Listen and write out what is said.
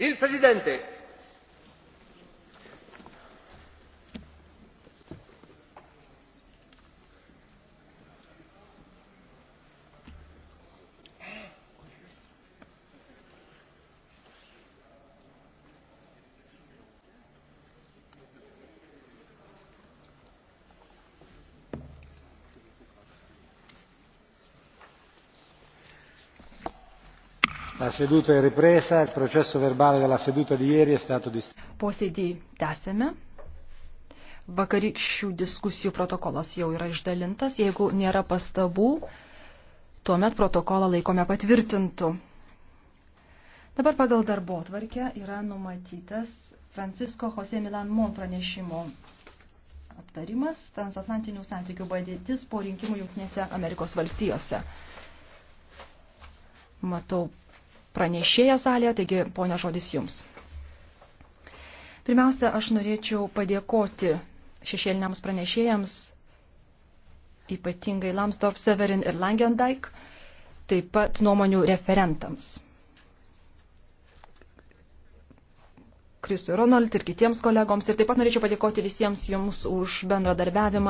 Il Presidente La seduta è ripresa, il processo verbale della seduta di ieri è stato distribuito. Posėdį tęsėme. Vakarykščių diskusijų protokolas jau yra išdalintas. Jeigu nėra pastabų, tuomet protokolą laikome patvirtintų. Dabar pagal darbo tvarkę yra numatytas Francisco Jose Milan Mon pranešimo aptarimas transatlantinių santykių padėtis po rinkimų Junktinėse Amerikos valstijose. Matau pranešėją salėje, taigi ponia žodis jums. Pirmiausia, aš norėčiau padėkoti šešėliniams pranešėjams, ypatingai Lamsdorf, Severin ir Langendijk, taip pat nuomonių referentams. Krisui Ronold ir kitiems kolegoms. Ir taip pat norėčiau padėkoti visiems jums už bendradarbiavimą